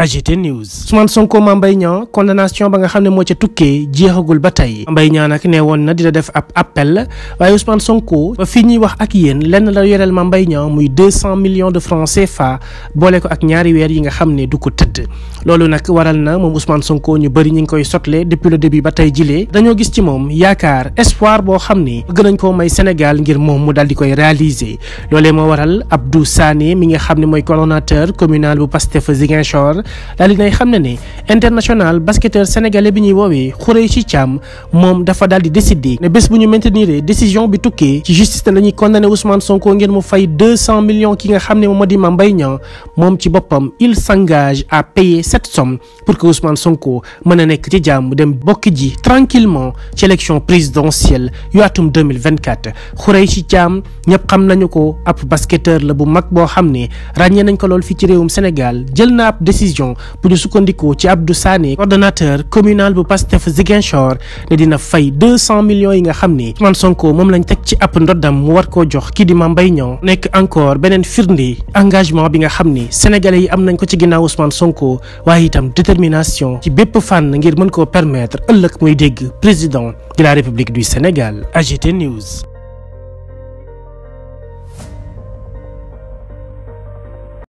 AGT News Ousmane Sonko Mame Mbaye Niang condamnation ba nga xam ne moo ca tukkee jeexagul ba tey mbay Niang nag ne woon na di la def ab appel waaye Ousmane Sonko ba fii ñuy wax ak yéen lenn la yoreel ma Mbaye Niang muy deux cent millions de francs CFA boole ko ak ñaari weer yi nga xam ne du ko tëdd loolu nag waral na moom Ousmane Sonko ñu bëri ñu ngi koy sotle depuis le début ba tey jilee dañoo gis ci moom yaakaar espoir boo xam ne bëgg nañ koo may Sénégal ngir moom mu daal di koy réaliser loole moo waral Abdou Sané mi nga xam ne mooy coordonnateur communal bu Pastef Ziguinchor daal dinay xam ne ne international basketteur sénégalais bi ñuy woowee Khoureychi Thiam moom dafa daal di décider ne bés bu ñu maintenir décision bi tukkee ci justice ne dañuy condamné Ousmane Sonko ngeen mu fay deux cent millions ki nga xam ne moom moo di Mame Mbaye Niang moom ci boppam il s'engage à payer cette somme pour que Ousmane Sonko mën a nekk ci jàmm dem bokk ji tranquillement ci élection présidentielle yu atum 2024 Khoureychi Thiam ñëpp xam nañu ko ab basketteur la bu mag boo xam ne ràññee nañ ko lool fii ci réewum Sénégal jël élection bu ñu sukkandikoo ci Abdou Sané ordinateur communal bu Pastef Ziguinchor ne dina fay deux cent millions yi nga xam ni Ousmane Sonko moom lañ teg ci ab ndoddam mu war ko jox kii di Mame Mbaye Niang nekk encore beneen firnde engagement bi nga xam ni sénégalais yi am nañ ko ci ginnaaw Ousmane Sonko waaye itam détermination ci bépp fànn ngir mën koo permettre ëllëg muy dégg président de la République du Sénégal AGT News